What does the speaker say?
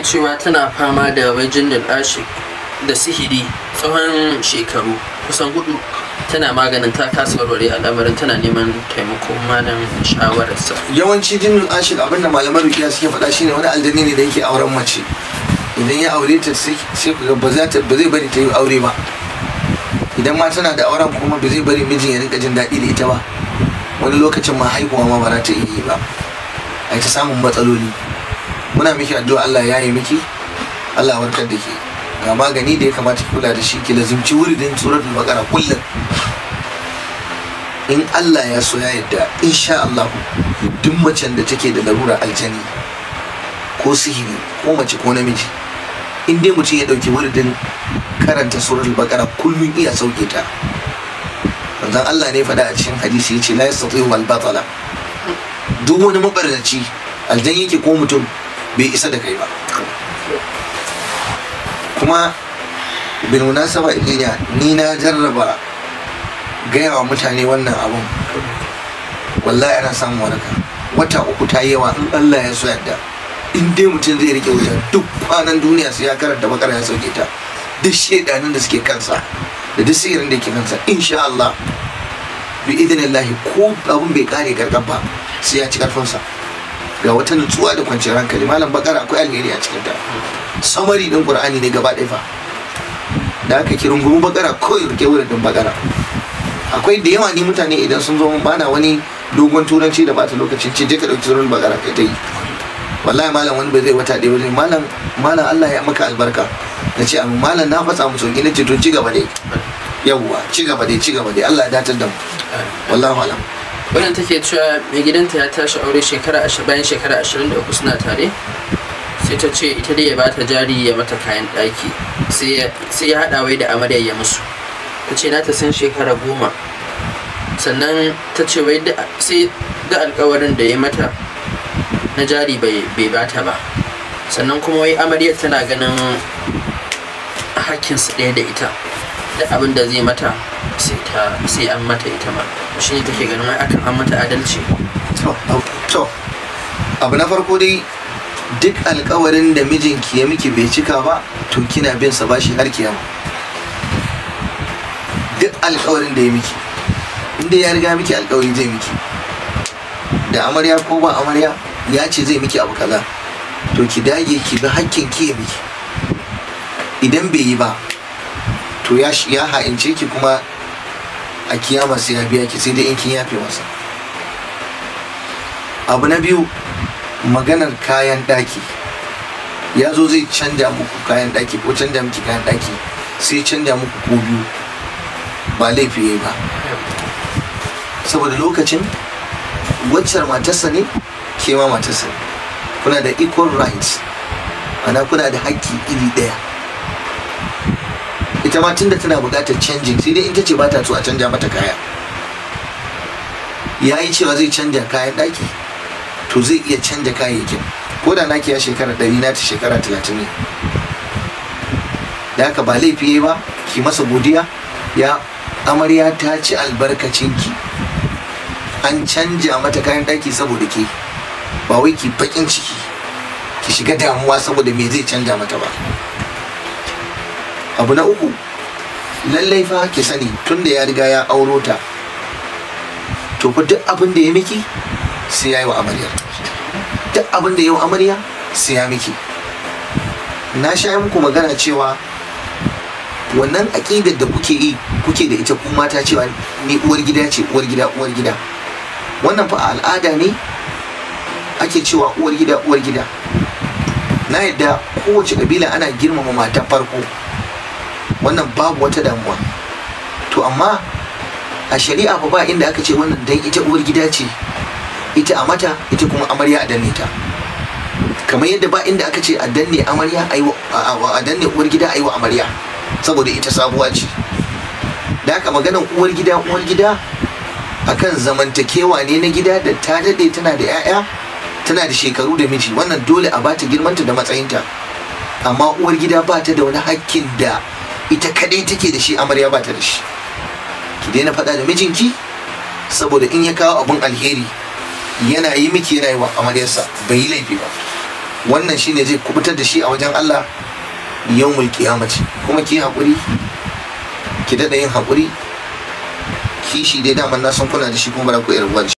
take cewa tana fama da wajen da ɗashi da sihiri tsawon shekaru kusan hudu tana maganin ta kasa a lamarin tana neman taimakon malam shawararsa yawanci jinnin ashir abinda malamar rukiya suke faɗa shine wani aljani ne da yake auren mace idan ya aure ta sai ku ba za ta ba zai bari ta yi aure ba idan ma tana da auren kuma ba zai bari mijin ya rinka jin daɗi da ita ba wani lokacin ma haihuwa ma ba za ta yi ba a ta samun matsaloli muna miki addu'a Allah ya yi miki Allah warkar da ke ga magani da ya kamata ki kula da shi ki lazimci wuridin suratul baqara kullum in Allah ya so ya yadda insha Allah duk macen da take da larura aljani ko sihiri ko mace ko namiji in dai mutum ya dauki wuridin karanta suratul baqara kullum iya sauke ta dan Allah ne faɗa a cikin hadisi yace la yastati'u al batala duk wani mabarnaci aljani yake ko mutum bai isa da kai ba kuma bin saba ilmiya ni na jarraba gaya wa mutane wannan abun wallahi ana samun waraka wata uku ta yawa in Allah ya so da. in dai mutum zai rike wuta duk kwanan duniya su ya karanta bakara ya sauke ta duk shaidanin da suke kansa da duk sirrin da yake kansa insha Allah bi idinillahi ko abun bai kare gargaba sai ya ci karfinsa ga wata nutsuwa da kwanciyar hankali malam bakar akwai alheri a cikin ta samari din qur'ani ne gaba ɗaya fa da aka kira gumu bakara ko rike wurin din bakara akwai da yawa ni mutane idan sun zo bana wani dogon turanci da bata lokacin ce je ka dauki turan bakara kai ta yi wallahi malam wani bai zai wata da wani malam malam Allah ya maka albarka na ce amma malam na fasa mu sauki na ce to ci gaba dai yawwa ci gaba dai ci gaba dai Allah ya datar da mu Wallahi malam. wannan take cewa mai gidanta ya tashi aure shekara bayan shekara 23 suna tare sai ta ce ita dai ya bata jari ya mata kayan ɗaki sai ya haɗa wai da amaryar ya musu ta ce na ta san shekara goma sannan ta ce wai sai da alkawarin da ya mata na jari bai bata ba sannan kuma wai amaryar tana ganin hakkinsu ɗaya da ita da abin da zai mata sai ta sai an mata ita ma shi ne take ganin akan an mata adalci to abu na farko dai duk alkawarin da mijinki ya miki bai cika ba to kina bin sa bashi har kiyama duk alkawarin da ya miki inda ya riga miki alkawari zai miki da amarya ko ba amarya ya ce zai miki abu kaza to ki dage ki bi hakkin ki ya miki idan bai yi ba to ya ha'ince ki kuma a kiyama sai ya biya ki sai dai in kin yafe masa abu na biyu maganar kayan ɗaki ya zo zai canja muku kayan ɗaki ko canja miki kayan ɗaki sai canja muku ko biyu ba laifi ya ba saboda lokacin waccar matarsa ne ke ma matarsa kuna da equal rights ana kuna da haƙƙi iri ɗaya ita ma tunda tana buƙatar canjin sai dai in ta ce ba ta so a canja mata kaya ya yi cewa zai canja kayan ɗaki to zai iya canja kayayyakin ko da naki ya shekara ɗari na ta shekara talatin ne da haka ba laifi ya ba ki masa godiya ya amarya ta ci albarkacinki an canja mata kayan ɗaki saboda ke ba wai ki baƙin ciki ki shiga damuwa saboda me zai canja mata ba abu na uku lallai fa ki sani tun da ya riga ya auro ta to fa duk abin da ya miki sai ya yi wa amarya duk abin da ya yi wa amarya sai ya miki na sha muku magana cewa wannan aƙidar da kuke yi kuke da ita kuma ta cewa ni uwar gida ce uwar gida uwar gida wannan fa al'ada ne ake cewa uwar gida uwar gida na yadda kowace ƙabila ana girmama matan farko wannan babu wata damuwa to amma a shari'a ba ba inda aka ce wannan dan ita uwar gida ce ita a mata ita kuma amarya a danne ta kamar yadda ba inda aka ce a danne amarya a danne uwar gida a amarya saboda ita sabuwa ce da haka maganar uwar gida uwar gida akan zamantakewa ne na gida da ta daɗe tana da 'ya'ya tana da shekaru da miji wannan dole a bata girmanta da matsayinta amma uwar gida ba ta da wani hakkin da ita kadai take da shi amarya ba ta da shi ki daina faɗa da mijinki saboda in ya kawo abin alheri yana yi miki yana amaryarsa bai yi laifi ba wannan shine zai kubutar da shi a wajen Allah yau mulki mace kuma ki haƙuri ki daɗa yin hakuri? kishi dai daman na san kuna da shi kuma ba ku yarwa